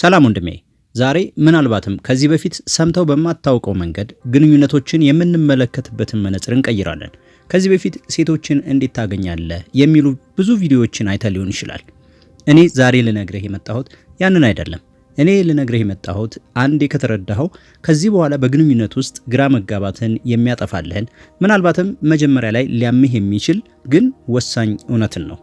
ሰላም ወንድሜ። ዛሬ ምናልባትም ከዚህ በፊት ሰምተው በማታውቀው መንገድ ግንኙነቶችን የምንመለከትበትን መነጽር እንቀይራለን። ከዚህ በፊት ሴቶችን እንዴት ታገኛለህ የሚሉ ብዙ ቪዲዮዎችን አይተ ሊሆን ይችላል። እኔ ዛሬ ልነግርህ የመጣሁት ያንን አይደለም። እኔ ልነግርህ የመጣሁት አንዴ ከተረዳኸው ከዚህ በኋላ በግንኙነት ውስጥ ግራ መጋባትን የሚያጠፋልህን ምናልባትም መጀመሪያ ላይ ሊያምህ የሚችል ግን ወሳኝ እውነትን ነው።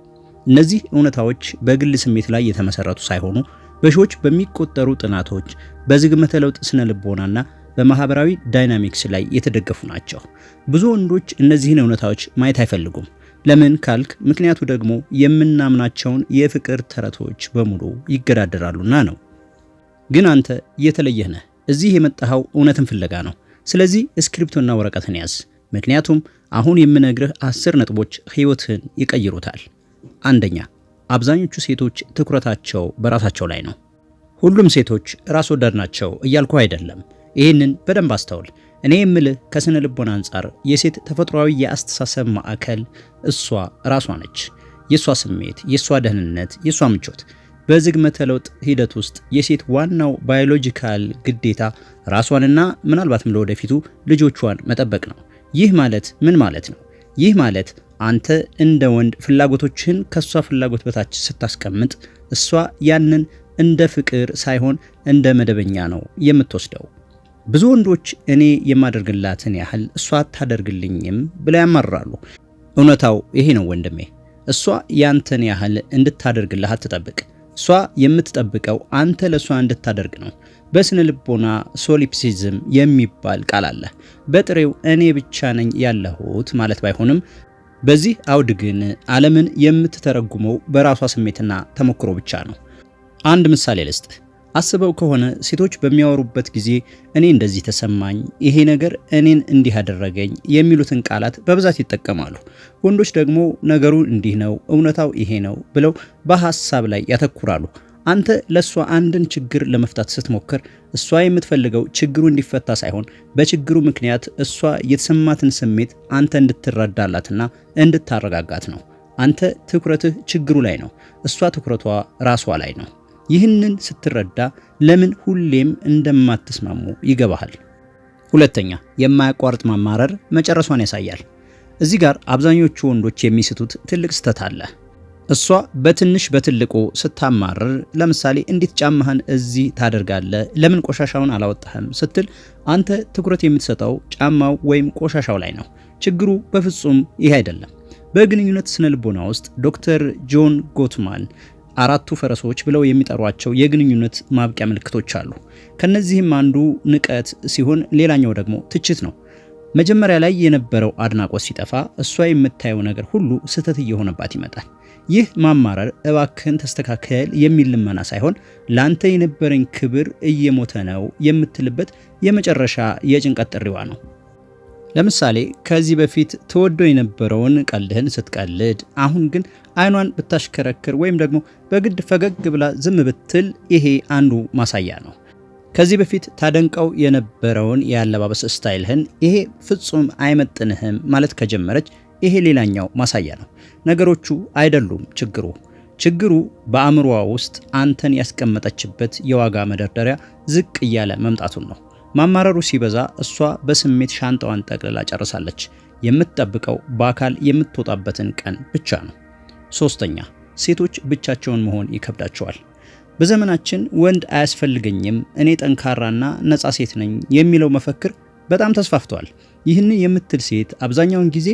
እነዚህ እውነታዎች በግል ስሜት ላይ የተመሰረቱ ሳይሆኑ በሺዎች በሚቆጠሩ ጥናቶች በዝግመተ ለውጥ ስነ ልቦናና በማህበራዊ ዳይናሚክስ ላይ የተደገፉ ናቸው። ብዙ ወንዶች እነዚህን እውነታዎች ማየት አይፈልጉም። ለምን ካልክ፣ ምክንያቱ ደግሞ የምናምናቸውን የፍቅር ተረቶች በሙሉ ይገዳደራሉና ነው። ግን አንተ የተለየህ ነህ። እዚህ የመጣኸው እውነትን ፍለጋ ነው። ስለዚህ እስክሪፕቶና ወረቀትን ያዝ፣ ምክንያቱም አሁን የምነግርህ አስር ነጥቦች ህይወትህን ይቀይሩታል። አንደኛ አብዛኞቹ ሴቶች ትኩረታቸው በራሳቸው ላይ ነው። ሁሉም ሴቶች ራስ ወዳድ ናቸው እያልኩ አይደለም። ይህንን በደንብ አስተውል። እኔ የምልህ ከስነ ልቦና አንጻር የሴት ተፈጥሯዊ የአስተሳሰብ ማዕከል እሷ ራሷ ነች። የእሷ ስሜት፣ የእሷ ደህንነት፣ የእሷ ምቾት። በዝግመተ ለውጥ ሂደት ውስጥ የሴት ዋናው ባዮሎጂካል ግዴታ ራሷንና ምናልባትም ለወደፊቱ ልጆቿን መጠበቅ ነው። ይህ ማለት ምን ማለት ነው? ይህ ማለት አንተ እንደ ወንድ ፍላጎቶችህን ከእሷ ፍላጎት በታች ስታስቀምጥ እሷ ያንን እንደ ፍቅር ሳይሆን እንደ መደበኛ ነው የምትወስደው። ብዙ ወንዶች እኔ የማደርግላትን ያህል እሷ አታደርግልኝም ብለው ያማርራሉ። እውነታው ይሄ ነው ወንድሜ። እሷ ያንተን ያህል እንድታደርግልህ አትጠብቅ። እሷ የምትጠብቀው አንተ ለእሷ እንድታደርግ ነው። በስነ ልቦና ሶሊፕሲዝም የሚባል ቃል አለ። በጥሬው እኔ ብቻ ነኝ ያለሁት ማለት ባይሆንም በዚህ አውድ ግን ዓለምን የምትተረጉመው በራሷ ስሜትና ተሞክሮ ብቻ ነው። አንድ ምሳሌ ልስጥ። አስበው ከሆነ ሴቶች በሚያወሩበት ጊዜ እኔ እንደዚህ ተሰማኝ፣ ይሄ ነገር እኔን እንዲህ አደረገኝ የሚሉትን ቃላት በብዛት ይጠቀማሉ። ወንዶች ደግሞ ነገሩ እንዲህ ነው፣ እውነታው ይሄ ነው ብለው በሀሳብ ላይ ያተኩራሉ። አንተ ለእሷ አንድን ችግር ለመፍታት ስትሞክር እሷ የምትፈልገው ችግሩ እንዲፈታ ሳይሆን በችግሩ ምክንያት እሷ የተሰማትን ስሜት አንተ እንድትረዳላትና እንድታረጋጋት ነው። አንተ ትኩረትህ ችግሩ ላይ ነው፣ እሷ ትኩረቷ ራሷ ላይ ነው። ይህንን ስትረዳ ለምን ሁሌም እንደማትስማሙ ይገባሃል። ሁለተኛ፣ የማያቋርጥ ማማረር መጨረሷን ያሳያል። እዚህ ጋር አብዛኞቹ ወንዶች የሚስቱት ትልቅ ስህተት አለ። እሷ በትንሽ በትልቁ ስታማርር፣ ለምሳሌ እንዴት ጫማህን እዚህ ታደርጋለህ? ለምን ቆሻሻውን አላወጣህም? ስትል አንተ ትኩረት የምትሰጠው ጫማው ወይም ቆሻሻው ላይ ነው። ችግሩ በፍጹም ይህ አይደለም። በግንኙነት ስነ ልቦና ውስጥ ዶክተር ጆን ጎትማን አራቱ ፈረሶች ብለው የሚጠሯቸው የግንኙነት ማብቂያ ምልክቶች አሉ። ከነዚህም አንዱ ንቀት ሲሆን፣ ሌላኛው ደግሞ ትችት ነው። መጀመሪያ ላይ የነበረው አድናቆት ሲጠፋ እሷ የምታየው ነገር ሁሉ ስህተት እየሆነባት ይመጣል። ይህ ማማረር እባክህን ተስተካከል የሚል ልመና ሳይሆን ላንተ የነበረኝ ክብር እየሞተ ነው የምትልበት የመጨረሻ የጭንቀት ጥሪዋ ነው። ለምሳሌ ከዚህ በፊት ተወዶ የነበረውን ቀልድህን ስትቀልድ፣ አሁን ግን አይኗን ብታሽከረክር ወይም ደግሞ በግድ ፈገግ ብላ ዝም ብትል ይሄ አንዱ ማሳያ ነው። ከዚህ በፊት ታደንቀው የነበረውን የአለባበስ ስታይልህን ይሄ ፍጹም አይመጥንህም ማለት ከጀመረች ይሄ ሌላኛው ማሳያ ነው። ነገሮቹ አይደሉም ችግሩ። ችግሩ በአእምሮዋ ውስጥ አንተን ያስቀመጠችበት የዋጋ መደርደሪያ ዝቅ እያለ መምጣቱን ነው። ማማረሩ ሲበዛ እሷ በስሜት ሻንጣዋን ጠቅልላ ጨርሳለች። የምትጠብቀው በአካል የምትወጣበትን ቀን ብቻ ነው። ሶስተኛ፣ ሴቶች ብቻቸውን መሆን ይከብዳቸዋል። በዘመናችን ወንድ አያስፈልገኝም፣ እኔ ጠንካራና ነፃ ሴት ነኝ የሚለው መፈክር በጣም ተስፋፍቷል ይህን የምትል ሴት አብዛኛውን ጊዜ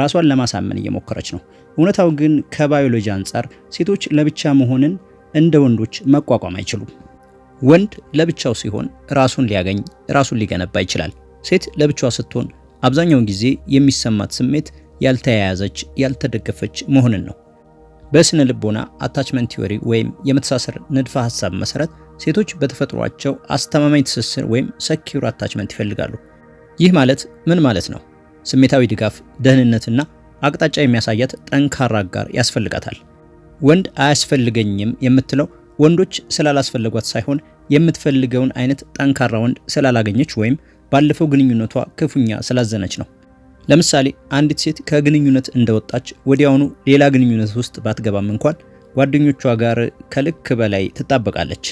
ራሷን ለማሳመን እየሞከረች ነው። እውነታው ግን ከባዮሎጂ አንጻር ሴቶች ለብቻ መሆንን እንደ ወንዶች መቋቋም አይችሉም። ወንድ ለብቻው ሲሆን ራሱን ሊያገኝ ራሱን ሊገነባ ይችላል። ሴት ለብቻዋ ስትሆን አብዛኛውን ጊዜ የሚሰማት ስሜት ያልተያያዘች፣ ያልተደገፈች መሆንን ነው። በስነ ልቦና አታችመንት ቲዮሪ ወይም የመተሳሰር ንድፈ ሀሳብ መሰረት ሴቶች በተፈጥሯቸው አስተማማኝ ትስስር ወይም ሰኪር አታችመንት ይፈልጋሉ። ይህ ማለት ምን ማለት ነው? ስሜታዊ ድጋፍ፣ ደህንነትና አቅጣጫ የሚያሳያት ጠንካራ አጋር ያስፈልጋታል። ወንድ አያስፈልገኝም የምትለው ወንዶች ስላላስፈልጓት ሳይሆን የምትፈልገውን አይነት ጠንካራ ወንድ ስላላገኘች ወይም ባለፈው ግንኙነቷ ክፉኛ ስላዘነች ነው። ለምሳሌ አንዲት ሴት ከግንኙነት እንደወጣች ወዲያውኑ ሌላ ግንኙነት ውስጥ ባትገባም እንኳን ጓደኞቿ ጋር ከልክ በላይ ትጣበቃለች።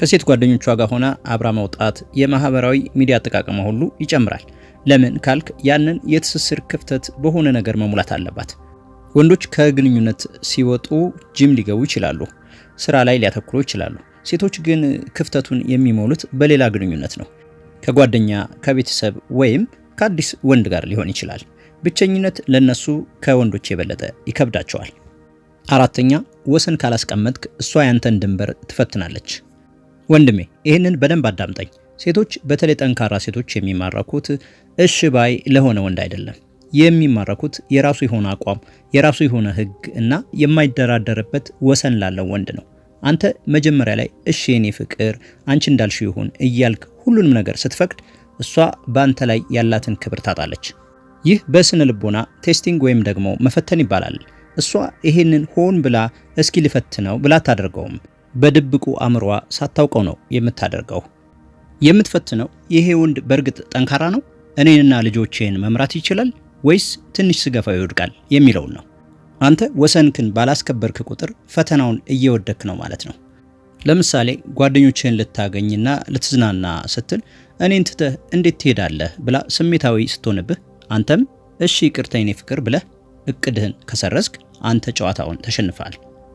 ከሴት ጓደኞቿ ጋር ሆና አብራ መውጣት የማህበራዊ ሚዲያ አጠቃቀሟ ሁሉ ይጨምራል። ለምን ካልክ ያንን የትስስር ክፍተት በሆነ ነገር መሙላት አለባት። ወንዶች ከግንኙነት ሲወጡ ጂም ሊገቡ ይችላሉ፣ ስራ ላይ ሊያተኩሩ ይችላሉ። ሴቶች ግን ክፍተቱን የሚሞሉት በሌላ ግንኙነት ነው። ከጓደኛ ከቤተሰብ ወይም ከአዲስ ወንድ ጋር ሊሆን ይችላል። ብቸኝነት ለነሱ ከወንዶች የበለጠ ይከብዳቸዋል። አራተኛ ወሰን ካላስቀመጥክ እሷ ያንተን ድንበር ትፈትናለች። ወንድሜ ይህንን በደንብ አዳምጠኝ። ሴቶች በተለይ ጠንካራ ሴቶች የሚማረኩት እሽ ባይ ለሆነ ወንድ አይደለም። የሚማረኩት የራሱ የሆነ አቋም፣ የራሱ የሆነ ህግ እና የማይደራደርበት ወሰን ላለው ወንድ ነው። አንተ መጀመሪያ ላይ እሺ የኔ ፍቅር አንቺ እንዳልሽ ይሁን እያልክ ሁሉንም ነገር ስትፈቅድ እሷ በአንተ ላይ ያላትን ክብር ታጣለች። ይህ በስነ ልቦና ቴስቲንግ ወይም ደግሞ መፈተን ይባላል። እሷ ይሄንን ሆን ብላ እስኪ ልፈትነው ብላ አታደርገውም። በድብቁ አእምሯ ሳታውቀው ነው የምታደርገው። የምትፈትነው ይሄ ወንድ በእርግጥ ጠንካራ ነው፣ እኔንና ልጆቼን መምራት ይችላል ወይስ ትንሽ ስገፋው ይወድቃል የሚለውን ነው። አንተ ወሰንክን ባላስከበርክ ቁጥር ፈተናውን እየወደክ ነው ማለት ነው። ለምሳሌ ጓደኞችህን ልታገኝና ልትዝናና ስትል እኔን ትተህ እንዴት ትሄዳለህ ብላ ስሜታዊ ስትሆንብህ አንተም እሺ ይቅርታ የኔ ፍቅር ብለህ እቅድህን ከሰረዝክ አንተ ጨዋታውን ተሸንፋል።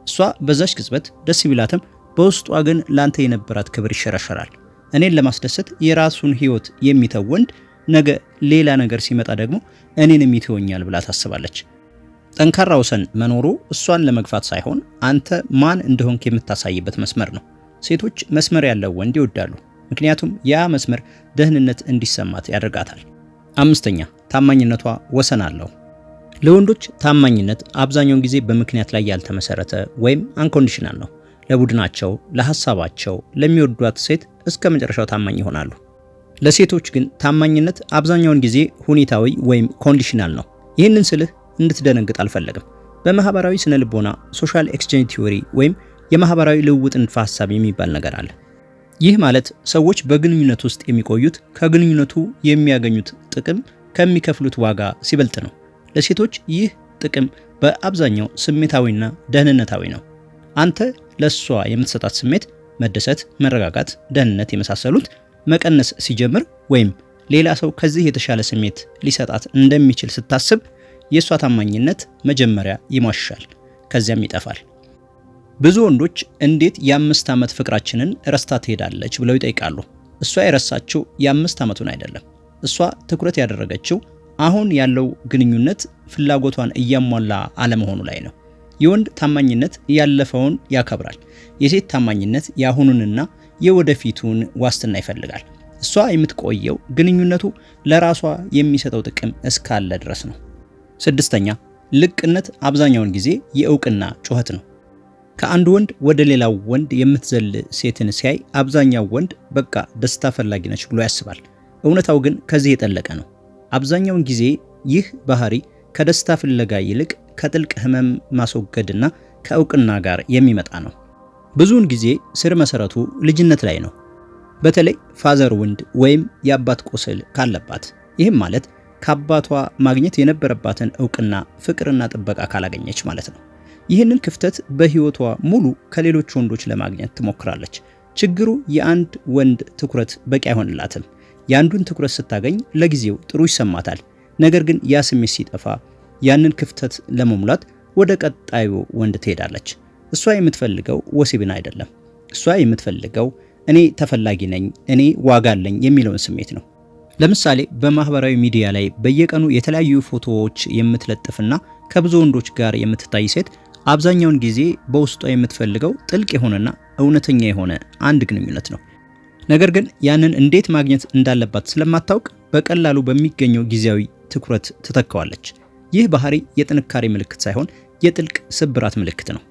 እሷ በዛች ቅጽበት ደስ ቢላትም በውስጧ ግን ላንተ የነበራት ክብር ይሸረሸራል። እኔን ለማስደሰት የራሱን ህይወት የሚተው ወንድ ነገ ሌላ ነገር ሲመጣ ደግሞ እኔንም ይተወኛል ብላ ታስባለች። ጠንካራ ወሰን መኖሩ እሷን ለመግፋት ሳይሆን አንተ ማን እንደሆንክ የምታሳይበት መስመር ነው። ሴቶች መስመር ያለው ወንድ ይወዳሉ፣ ምክንያቱም ያ መስመር ደህንነት እንዲሰማት ያደርጋታል። አምስተኛ ታማኝነቷ ወሰን አለው። ለወንዶች ታማኝነት አብዛኛውን ጊዜ በምክንያት ላይ ያልተመሰረተ ወይም አንኮንዲሽናል ነው። ለቡድናቸው፣ ለሐሳባቸው፣ ለሚወዷት ሴት እስከ መጨረሻው ታማኝ ይሆናሉ። ለሴቶች ግን ታማኝነት አብዛኛውን ጊዜ ሁኔታዊ ወይም ኮንዲሽናል ነው። ይህንን ስልህ እንድትደነግጥ አልፈለግም። በማህበራዊ ስነ ልቦና ሶሻል ኤክስቼንጅ ቲዎሪ ወይም የማህበራዊ ልውውጥ ንድፈ ሐሳብ የሚባል ነገር አለ። ይህ ማለት ሰዎች በግንኙነት ውስጥ የሚቆዩት ከግንኙነቱ የሚያገኙት ጥቅም ከሚከፍሉት ዋጋ ሲበልጥ ነው። ለሴቶች ይህ ጥቅም በአብዛኛው ስሜታዊና ደህንነታዊ ነው። አንተ ለእሷ የምትሰጣት ስሜት መደሰት፣ መረጋጋት፣ ደህንነት የመሳሰሉት መቀነስ ሲጀምር ወይም ሌላ ሰው ከዚህ የተሻለ ስሜት ሊሰጣት እንደሚችል ስታስብ የእሷ ታማኝነት መጀመሪያ ይሟሻል፣ ከዚያም ይጠፋል። ብዙ ወንዶች እንዴት የአምስት ዓመት ፍቅራችንን ረስታ ትሄዳለች ብለው ይጠይቃሉ። እሷ የረሳችው የአምስት ዓመቱን አይደለም። እሷ ትኩረት ያደረገችው አሁን ያለው ግንኙነት ፍላጎቷን እያሟላ አለመሆኑ ላይ ነው። የወንድ ታማኝነት ያለፈውን ያከብራል። የሴት ታማኝነት የአሁኑንና የወደፊቱን ዋስትና ይፈልጋል። እሷ የምትቆየው ግንኙነቱ ለራሷ የሚሰጠው ጥቅም እስካለ ድረስ ነው። ስድስተኛ ልቅነት አብዛኛውን ጊዜ የእውቅና ጩኸት ነው። ከአንድ ወንድ ወደ ሌላው ወንድ የምትዘል ሴትን ሲያይ አብዛኛው ወንድ በቃ ደስታ ፈላጊ ነች ብሎ ያስባል። እውነታው ግን ከዚህ የጠለቀ ነው። አብዛኛውን ጊዜ ይህ ባህሪ ከደስታ ፍለጋ ይልቅ ከጥልቅ ህመም ማስወገድና ከእውቅና ጋር የሚመጣ ነው። ብዙውን ጊዜ ስር መሰረቱ ልጅነት ላይ ነው፣ በተለይ ፋዘር ውንድ ወይም የአባት ቁስል ካለባት። ይህም ማለት ከአባቷ ማግኘት የነበረባትን እውቅና፣ ፍቅርና ጥበቃ ካላገኘች ማለት ነው። ይህንን ክፍተት በህይወቷ ሙሉ ከሌሎች ወንዶች ለማግኘት ትሞክራለች። ችግሩ የአንድ ወንድ ትኩረት በቂ አይሆንላትም። የአንዱን ትኩረት ስታገኝ ለጊዜው ጥሩ ይሰማታል። ነገር ግን ያ ስሜት ሲጠፋ ያንን ክፍተት ለመሙላት ወደ ቀጣዩ ወንድ ትሄዳለች። እሷ የምትፈልገው ወሲብን አይደለም። እሷ የምትፈልገው እኔ ተፈላጊ ነኝ፣ እኔ ዋጋ አለኝ የሚለውን ስሜት ነው። ለምሳሌ በማህበራዊ ሚዲያ ላይ በየቀኑ የተለያዩ ፎቶዎች የምትለጥፍና ከብዙ ወንዶች ጋር የምትታይ ሴት አብዛኛውን ጊዜ በውስጧ የምትፈልገው ጥልቅ የሆነና እውነተኛ የሆነ አንድ ግንኙነት ነው። ነገር ግን ያንን እንዴት ማግኘት እንዳለባት ስለማታውቅ በቀላሉ በሚገኘው ጊዜያዊ ትኩረት ትተካዋለች። ይህ ባህሪ የጥንካሬ ምልክት ሳይሆን የጥልቅ ስብራት ምልክት ነው።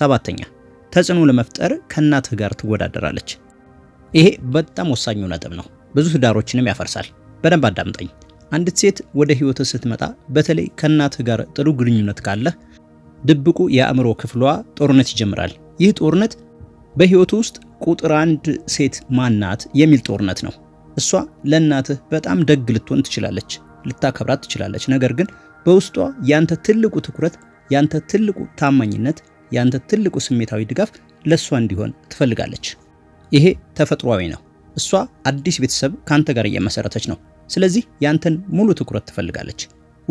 ሰባተኛ ተጽዕኖ ለመፍጠር ከእናትህ ጋር ትወዳደራለች። ይሄ በጣም ወሳኙ ነጥብ ነው፣ ብዙ ትዳሮችንም ያፈርሳል። በደንብ አዳምጠኝ። አንዲት ሴት ወደ ህይወትህ ስትመጣ በተለይ ከእናትህ ጋር ጥሩ ግንኙነት ካለህ ድብቁ የአእምሮ ክፍሏ ጦርነት ይጀምራል። ይህ ጦርነት በህይወቱ ውስጥ ቁጥር አንድ ሴት ማናት የሚል ጦርነት ነው። እሷ ለእናትህ በጣም ደግ ልትሆን ትችላለች፣ ልታከብራት ትችላለች። ነገር ግን በውስጧ ያንተ ትልቁ ትኩረት፣ ያንተ ትልቁ ታማኝነት፣ ያንተ ትልቁ ስሜታዊ ድጋፍ ለእሷ እንዲሆን ትፈልጋለች። ይሄ ተፈጥሯዊ ነው። እሷ አዲስ ቤተሰብ ከአንተ ጋር እየመሰረተች ነው። ስለዚህ ያንተን ሙሉ ትኩረት ትፈልጋለች።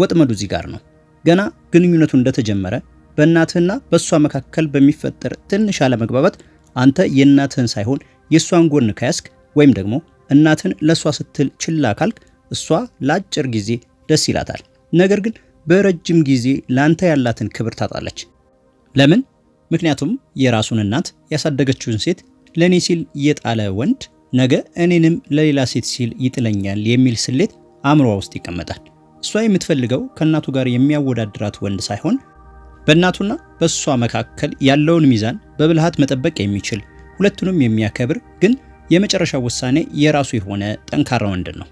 ወጥመዱ እዚህ ጋር ነው። ገና ግንኙነቱ እንደተጀመረ በእናትህና በእሷ መካከል በሚፈጠር ትንሽ አለመግባባት አንተ የእናትህን ሳይሆን የእሷን ጎን ከያዝክ ወይም ደግሞ እናትን ለእሷ ስትል ችላ ካልክ እሷ ለአጭር ጊዜ ደስ ይላታል። ነገር ግን በረጅም ጊዜ ለአንተ ያላትን ክብር ታጣለች። ለምን? ምክንያቱም የራሱን እናት ያሳደገችውን ሴት ለእኔ ሲል የጣለ ወንድ ነገ እኔንም ለሌላ ሴት ሲል ይጥለኛል የሚል ስሌት አእምሯ ውስጥ ይቀመጣል። እሷ የምትፈልገው ከእናቱ ጋር የሚያወዳድራት ወንድ ሳይሆን በእናቱና በእሷ መካከል ያለውን ሚዛን በብልሃት መጠበቅ የሚችል ሁለቱንም የሚያከብር ግን የመጨረሻ ውሳኔ የራሱ የሆነ ጠንካራ ወንድን ነው።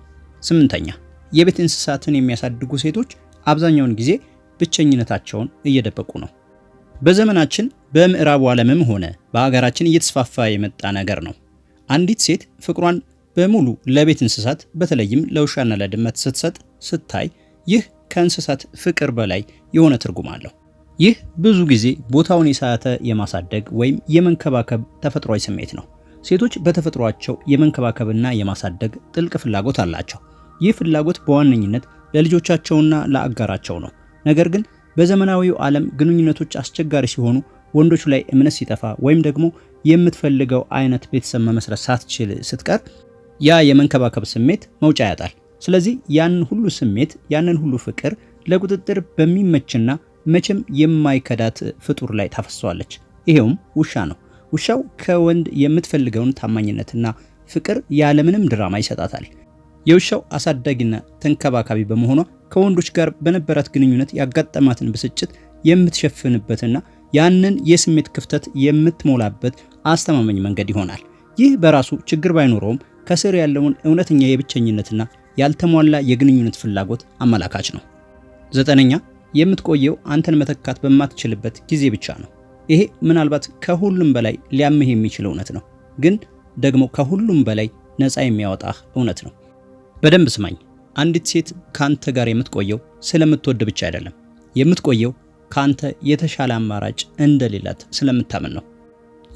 ስምንተኛ የቤት እንስሳትን የሚያሳድጉ ሴቶች አብዛኛውን ጊዜ ብቸኝነታቸውን እየደበቁ ነው። በዘመናችን በምዕራቡ ዓለምም ሆነ በሀገራችን እየተስፋፋ የመጣ ነገር ነው። አንዲት ሴት ፍቅሯን በሙሉ ለቤት እንስሳት በተለይም ለውሻና ለድመት ስትሰጥ ስታይ ይህ ከእንስሳት ፍቅር በላይ የሆነ ትርጉም አለው። ይህ ብዙ ጊዜ ቦታውን የሳተ የማሳደግ ወይም የመንከባከብ ተፈጥሯዊ ስሜት ነው። ሴቶች በተፈጥሯቸው የመንከባከብና የማሳደግ ጥልቅ ፍላጎት አላቸው። ይህ ፍላጎት በዋነኝነት ለልጆቻቸውና ለአጋራቸው ነው። ነገር ግን በዘመናዊው ዓለም ግንኙነቶች አስቸጋሪ ሲሆኑ፣ ወንዶች ላይ እምነት ሲጠፋ ወይም ደግሞ የምትፈልገው አይነት ቤተሰብ መመስረት ሳትችል ስትቀር ያ የመንከባከብ ስሜት መውጫ ያጣል። ስለዚህ ያንን ሁሉ ስሜት ያንን ሁሉ ፍቅር ለቁጥጥር በሚመችና መቼም የማይከዳት ፍጡር ላይ ታፈሰዋለች። ይሄውም ውሻ ነው። ውሻው ከወንድ የምትፈልገውን ታማኝነትና ፍቅር ያለምንም ድራማ ይሰጣታል። የውሻው አሳዳጊና ተንከባካቢ በመሆኗ ከወንዶች ጋር በነበራት ግንኙነት ያጋጠማትን ብስጭት የምትሸፍንበትና ያንን የስሜት ክፍተት የምትሞላበት አስተማማኝ መንገድ ይሆናል። ይህ በራሱ ችግር ባይኖረውም ከስር ያለውን እውነተኛ የብቸኝነትና ያልተሟላ የግንኙነት ፍላጎት አመላካች ነው። ዘጠነኛ የምትቆየው አንተን መተካት በማትችልበት ጊዜ ብቻ ነው። ይሄ ምናልባት ከሁሉም በላይ ሊያምህ የሚችል እውነት ነው፣ ግን ደግሞ ከሁሉም በላይ ነፃ የሚያወጣህ እውነት ነው። በደንብ ስማኝ። አንዲት ሴት ካንተ ጋር የምትቆየው ስለምትወድ ብቻ አይደለም። የምትቆየው ካንተ የተሻለ አማራጭ እንደሌላት ስለምታምን ነው።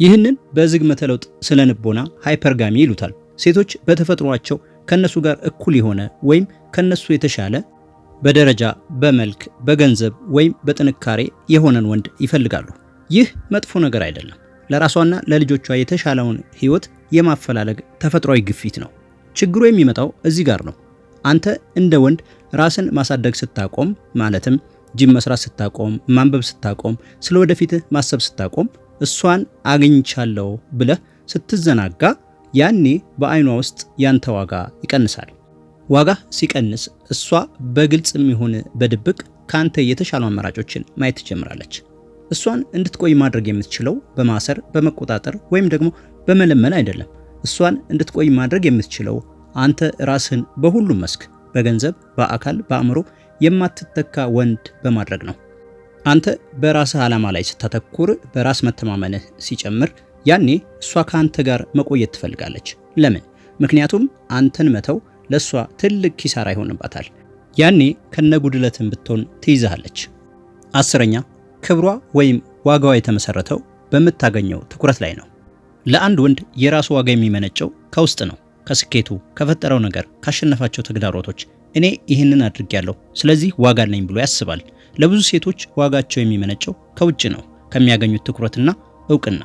ይህንን በዝግመተ ለውጥ ስነ ልቦና ሃይፐርጋሚ ይሉታል። ሴቶች በተፈጥሯቸው ከነሱ ጋር እኩል የሆነ ወይም ከነሱ የተሻለ በደረጃ፣ በመልክ፣ በገንዘብ ወይም በጥንካሬ የሆነን ወንድ ይፈልጋሉ። ይህ መጥፎ ነገር አይደለም። ለራሷና ለልጆቿ የተሻለውን ህይወት የማፈላለግ ተፈጥሯዊ ግፊት ነው። ችግሩ የሚመጣው እዚህ ጋር ነው። አንተ እንደ ወንድ ራስን ማሳደግ ስታቆም፣ ማለትም ጅም መስራት ስታቆም፣ ማንበብ ስታቆም፣ ስለ ወደፊትህ ማሰብ ስታቆም፣ እሷን አግኝቻለሁ ብለህ ስትዘናጋ፣ ያኔ በአይኗ ውስጥ ያንተ ዋጋ ይቀንሳል። ዋጋ ሲቀንስ እሷ በግልጽም ይሁን በድብቅ ከአንተ የተሻሉ አማራጮችን ማየት ትጀምራለች። እሷን እንድትቆይ ማድረግ የምትችለው በማሰር በመቆጣጠር ወይም ደግሞ በመለመን አይደለም። እሷን እንድትቆይ ማድረግ የምትችለው አንተ ራስህን በሁሉም መስክ በገንዘብ፣ በአካል፣ በአእምሮ የማትተካ ወንድ በማድረግ ነው። አንተ በራስህ ዓላማ ላይ ስታተኩር፣ በራስ መተማመንህ ሲጨምር፣ ያኔ እሷ ከአንተ ጋር መቆየት ትፈልጋለች። ለምን? ምክንያቱም አንተን መተው ለእሷ ትልቅ ኪሳራ ይሆንባታል። ያኔ ከነ ጉድለትን ብትሆን ትይዛለች። አስረኛ ክብሯ ወይም ዋጋዋ የተመሰረተው በምታገኘው ትኩረት ላይ ነው። ለአንድ ወንድ የራሱ ዋጋ የሚመነጨው ከውስጥ ነው፣ ከስኬቱ፣ ከፈጠረው ነገር፣ ካሸነፋቸው ተግዳሮቶች። እኔ ይህንን አድርጌያለሁ፣ ስለዚህ ዋጋ ነኝ ብሎ ያስባል። ለብዙ ሴቶች ዋጋቸው የሚመነጨው ከውጭ ነው፣ ከሚያገኙት ትኩረትና እውቅና።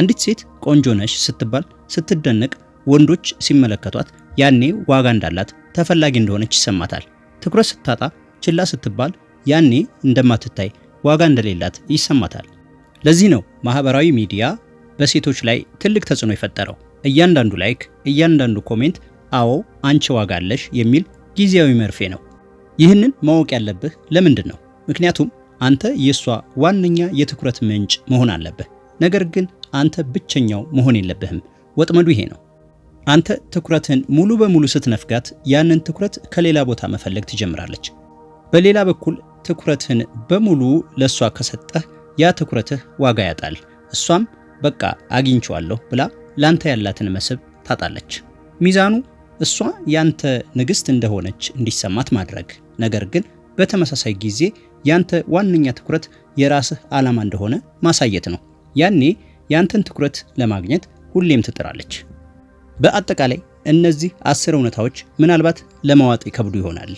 አንዲት ሴት ቆንጆ ነሽ ስትባል ስትደነቅ፣ ወንዶች ሲመለከቷት ያኔ ዋጋ እንዳላት ተፈላጊ እንደሆነች ይሰማታል። ትኩረት ስታጣ ችላ ስትባል ያኔ እንደማትታይ ዋጋ እንደሌላት ይሰማታል። ለዚህ ነው ማህበራዊ ሚዲያ በሴቶች ላይ ትልቅ ተጽዕኖ የፈጠረው። እያንዳንዱ ላይክ፣ እያንዳንዱ ኮሜንት አዎ አንቺ ዋጋ አለሽ የሚል ጊዜያዊ መርፌ ነው። ይህንን ማወቅ ያለብህ ለምንድን ነው? ምክንያቱም አንተ የእሷ ዋነኛ የትኩረት ምንጭ መሆን አለብህ። ነገር ግን አንተ ብቸኛው መሆን የለብህም። ወጥመዱ ይሄ ነው። አንተ ትኩረትን ሙሉ በሙሉ ስትነፍጋት ያንን ትኩረት ከሌላ ቦታ መፈለግ ትጀምራለች። በሌላ በኩል ትኩረትህን በሙሉ ለእሷ ከሰጠህ ያ ትኩረትህ ዋጋ ያጣል። እሷም በቃ አግኝቸዋለሁ ብላ ላንተ ያላትን መስህብ ታጣለች። ሚዛኑ እሷ ያንተ ንግሥት እንደሆነች እንዲሰማት ማድረግ፣ ነገር ግን በተመሳሳይ ጊዜ ያንተ ዋነኛ ትኩረት የራስህ ዓላማ እንደሆነ ማሳየት ነው። ያኔ ያንተን ትኩረት ለማግኘት ሁሌም ትጥራለች። በአጠቃላይ እነዚህ አስር እውነታዎች ምናልባት ለማዋጥ ይከብዱ ይሆናል።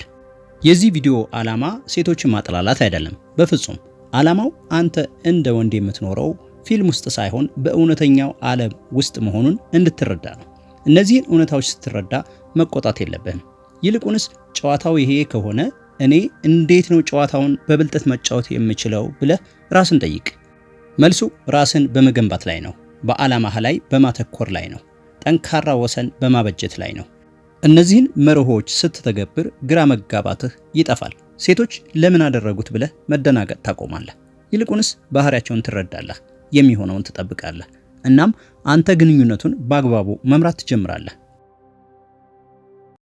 የዚህ ቪዲዮ ዓላማ ሴቶችን ማጥላላት አይደለም፣ በፍጹም። ዓላማው አንተ እንደ ወንድ የምትኖረው ፊልም ውስጥ ሳይሆን በእውነተኛው ዓለም ውስጥ መሆኑን እንድትረዳ ነው። እነዚህን እውነታዎች ስትረዳ መቆጣት የለብህም። ይልቁንስ ጨዋታው ይሄ ከሆነ እኔ እንዴት ነው ጨዋታውን በብልጠት መጫወት የምችለው ብለህ ራስን ጠይቅ። መልሱ ራስን በመገንባት ላይ ነው፣ በዓላማህ ላይ በማተኮር ላይ ነው። ጠንካራ ወሰን በማበጀት ላይ ነው። እነዚህን መርሆዎች ስትተገብር ግራ መጋባትህ ይጠፋል። ሴቶች ለምን አደረጉት ብለህ መደናገጥ ታቆማለህ። ይልቁንስ ባህሪያቸውን ትረዳለህ፣ የሚሆነውን ትጠብቃለህ። እናም አንተ ግንኙነቱን በአግባቡ መምራት ትጀምራለህ።